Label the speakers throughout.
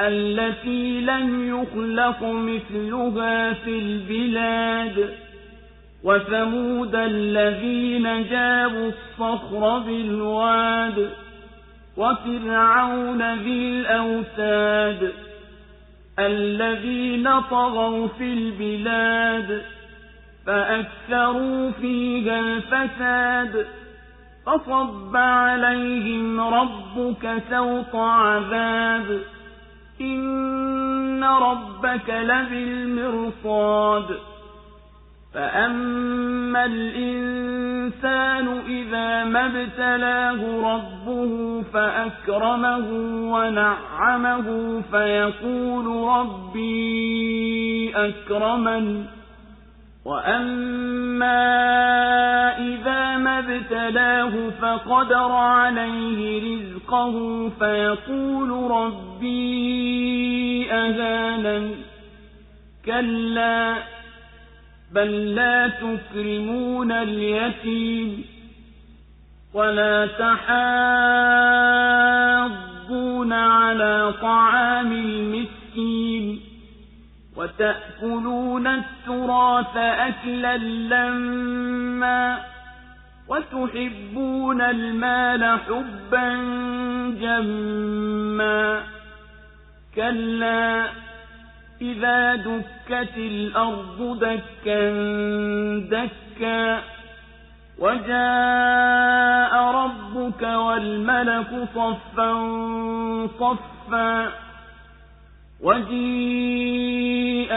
Speaker 1: التي لم يخلق مثلها في البلاد وثمود الذين جابوا الصخر بالواد وفرعون ذي الأوتاد الذين طغوا في البلاد فأكثروا فيها الفساد فصب عليهم ربك سوط عذاب إن ربك لبالمرصاد فأما الإنسان إذا ما ابتلاه ربه فأكرمه ونعمه فيقول ربي أكرمن وأما إذا ما ابتلاه فقدر عليه رزقه فيقول ربي أهانا كلا بل لا تكرمون اليتيم ولا تحاضون على طعام المسكين وتأكلون التراث أكلا لما وتحبون المال حبا جما كلا إذا دكت الأرض دكا دكا وجاء ربك والملك صفا صفا وجيء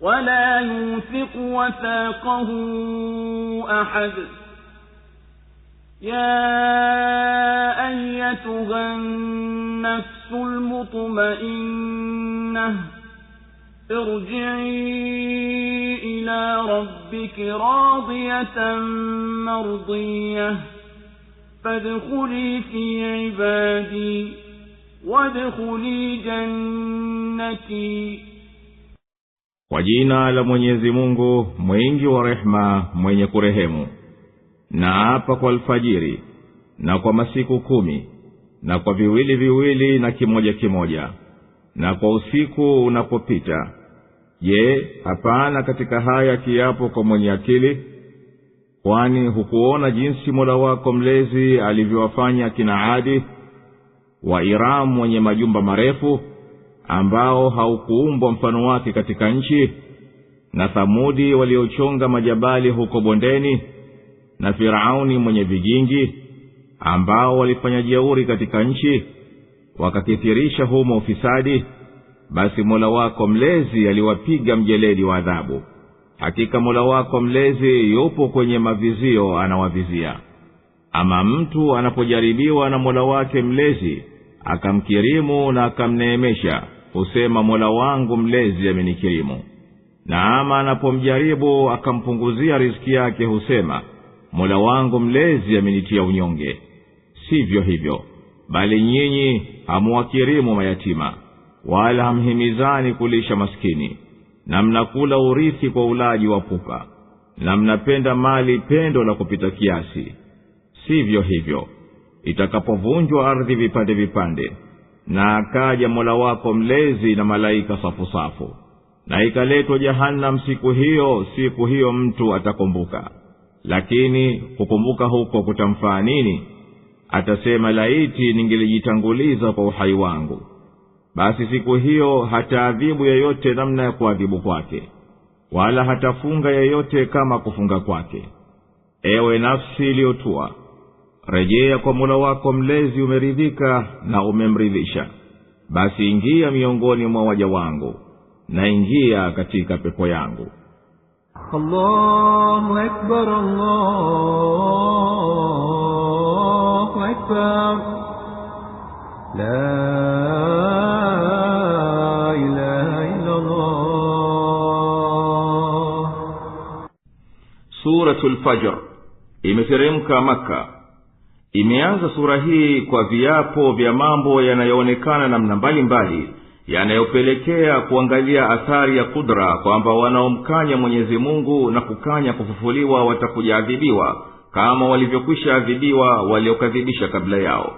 Speaker 1: ولا يوثق وثاقه أحد يا أيتها النفس المطمئنة ارجعي إلى ربك راضية مرضية فادخلي في عبادي وادخلي جنتي
Speaker 2: kwa jina la mwenyezi mungu mwingi wa rehema mwenye kurehemu na apa kwa alfajiri na kwa masiku kumi na kwa viwili viwili na kimoja kimoja na kwa usiku unapopita je hapana katika haya kiapo kwa mwenye akili kwani hukuona jinsi mola wako mlezi alivyowafanya kina adi wa iramu wenye majumba marefu ambao haukuumbwa mfano wake katika nchi na thamudi waliochonga majabali huko bondeni na firauni mwenye vigingi ambao walifanya jeuri katika nchi wakakithirisha humo ufisadi basi mola wako mlezi aliwapiga mjeledi wa adhabu hakika mola wako mlezi yupo kwenye mavizio anawavizia ama mtu anapojaribiwa na mola wake mlezi akamkirimu na akamneemesha husema mola wangu mlezi amenikirimu na ama anapomjaribu akampunguzia riziki yake husema mola wangu mlezi amenitia unyonge sivyo hivyo bali nyinyi hamuwakirimu mayatima wala hamhimizani kulisha maskini na mnakula urithi kwa ulaji wa pupa na mnapenda mali pendo la kupita kiasi sivyo hivyo itakapovunjwa ardhi vipande vipande na akaja mola wako mlezi na malaika safusafu na ikaletwa jahannam siku hiyo siku hiyo mtu atakumbuka lakini kukumbuka huko kutamfaa nini atasema laiti ningelijitanguliza kwa uhai wangu basi siku hiyo hataadhibu yeyote namna ya kuadhibu kwake wala hatafunga yeyote kama kufunga kwake ewe nafsi iliyotua rejea kwa mula wako mlezi umeridhika na umemridhisha basi ingia miongoni mwa waja wangu na ingia katika pepo yangu
Speaker 3: allahu akbar, allahu akbar. La ilaha
Speaker 4: imeteremka Maka imeanza sura hii kwa viapo vya mambo yanayoonekana namna mbalimbali yanayopelekea kuangalia athari ya kudra kwamba wanaomkanya mwenyezi mungu na kukanya kufufuliwa watakujaadhibiwa kama walivyokwisha adhibiwa waliokadhibisha kabla yao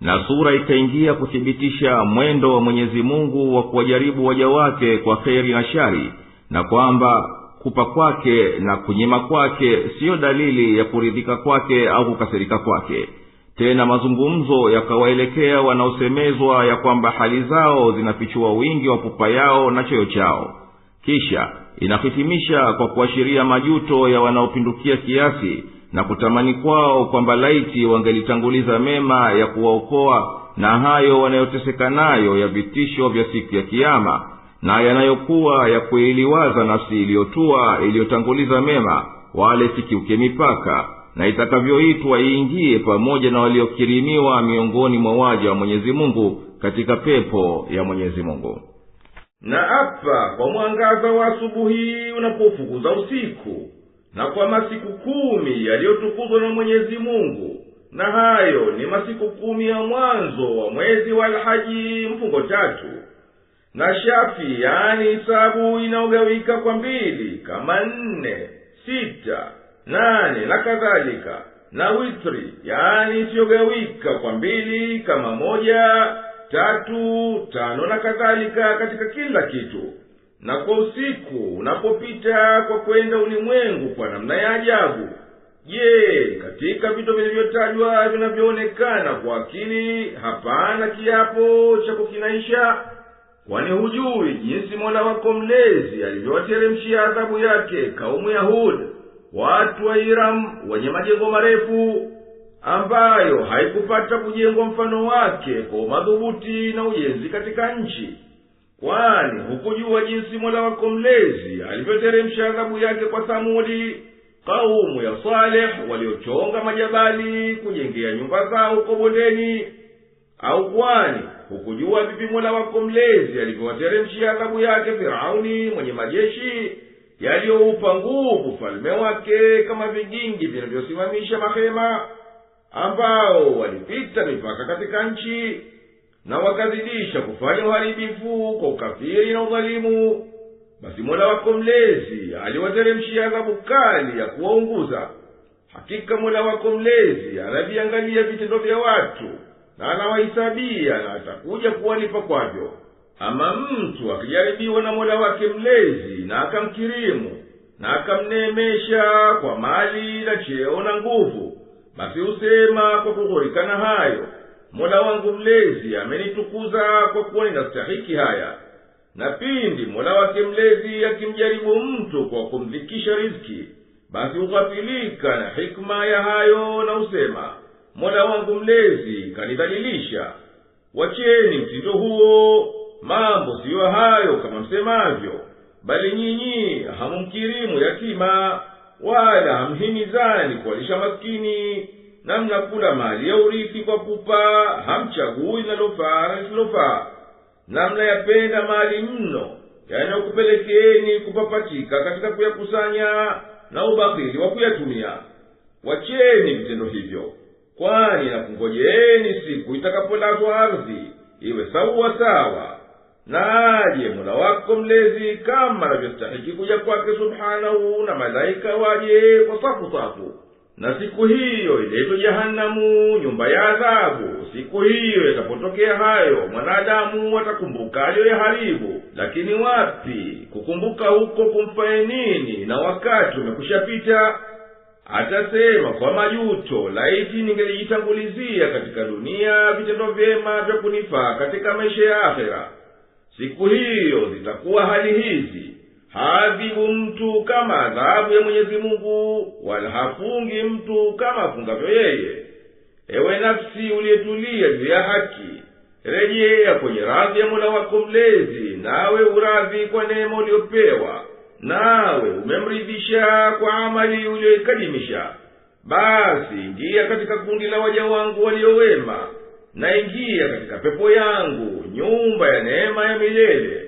Speaker 4: na sura ikaingia kuthibitisha mwendo wa mwenyezi mungu wa kuwajaribu waja wake kwa kheri na shari na kwamba kupa kwake na kunyima kwake siyo dalili ya kuridhika kwake au kukasirika kwake tena mazungumzo yakawaelekea wanaosemezwa ya kwamba hali zao zinafichua wingi wa pupa yao na choyo chao kisha inahitimisha kwa kuashiria majuto ya wanaopindukia kiasi na kutamani kwao kwamba laiti wangelitanguliza mema ya kuwaokoa na hayo wanayoteseka nayo ya vitisho vya siku ya kiama na yanayokuwa ya kuiliwaza nafsi iliyotua iliyotanguliza mema wale sikiuke mipaka na itakavyoitwa iingie pamoja na waliokirimiwa miongoni mwa waja wa mwenyezi mungu katika pepo ya mwenyezi mungu
Speaker 5: na apa kwa mwangaza wa asubuhi unapofukuza usiku na kwa masiku kumi yaliyotukuzwa na mwenyezi mungu na hayo ni masiku kumi ya mwanzo wa mwezi wa alhaji mfungo tatu na shafi yaani hisabu inaogawika kwa mbili kama nne sita nane na kadhalika na witri yaani isiyogawika kwa mbili kama moja tatu tano na kadhalika katika kila kitu na kwa usiku unapopita kwa kwenda ulimwengu kwa namna ya ajabu je katika vitu vilivyotajwa vinavyoonekana kwa akili hapana kiapo cha kukinaisha kwani hujui jinsi mola wako mlezi alivyowateremshia adhabu yake kaumu yahudi watu wa Iramu wenye majengo marefu ambayo haikupata kujengwa mfano wake kwa umadhubuti na ujenzi katika nchi kwani hukujua jinsi mola wako mlezi alivyoteremsha adhabu yake kwa thamudi kaumu ya saleh waliochonga majabali kujengea nyumba zao huko bondeni au kwani hukujua vipi mola wako mlezi alivyowateremshia adhabu yake firauni mwenye majeshi yaliyoupa nguvu ufalume wake kama vigingi vinavyosimamisha mahema ambao walipita mipaka katika nchi na wakazidisha kufanya uharibifu kwa ukafiri na udhalimu basi mola wako mlezi aliwateremshia adhabu kali ya kuwaunguza hakika mola wako mlezi anaviangalia vitendo vya watu na anawahisabia na atakuja kuwalipa kwavyo ama mtu akijaribiwa na Mola wake mlezi na akamkirimu na akamneemesha kwa mali na cheo na nguvu, basi husema kwa kughurikana hayo, Mola wangu mlezi amenitukuza kwa kuwa ninastahiki haya. Na pindi Mola wake mlezi akimjaribu mtu kwa kumdhikisha riziki, basi hughafilika na hikma ya hayo na husema, Mola wangu mlezi kanidhalilisha. Wacheni mtindo huo mambo siyo hayo kama msemavyo bali nyinyi hamumkirimu yatima wala hamhimizani kuwalisha maskini na mnakula mali ya urithi kwa pupa hamchagui nalofaa na silofaa na mnayapenda mali mno yanayokupelekeeni kupapatika katika kuyakusanya na ubahili wa kuyatumia wacheni vitendo hivyo kwani nakungojeeni siku itakapolazwa ardhi iwe sawa sawa naje mola wako mlezi kama navyostahiki kuja kwake subhanahu na malaika waje kwa safu safu na siku hiyo iletwe jahanamu nyumba ya adhabu siku hiyo yatapotokea hayo mwanadamu watakumbuka ya haribu lakini wapi kukumbuka huko kumfaye nini na wakati umekushapita atasema kwa majuto laiti ningelijitangulizia katika dunia vitendo vyema vya kunifaa katika maisha ya akhera siku hiyo zitakuwa hali hizi hadhibu mtu kama adhabu ya mwenyezi mungu wala hafungi mtu kama afungavyo yeye ewe nafsi uliyetulia juu ya haki rejea kwenye radhi ya mola wako mlezi nawe uradhi kwa neema uliyopewa nawe umemridhisha kwa amali uliyoikadimisha basi ingia katika kundi la waja wangu waliowema naingia katika pepo yangu nyumba ya neema ya milele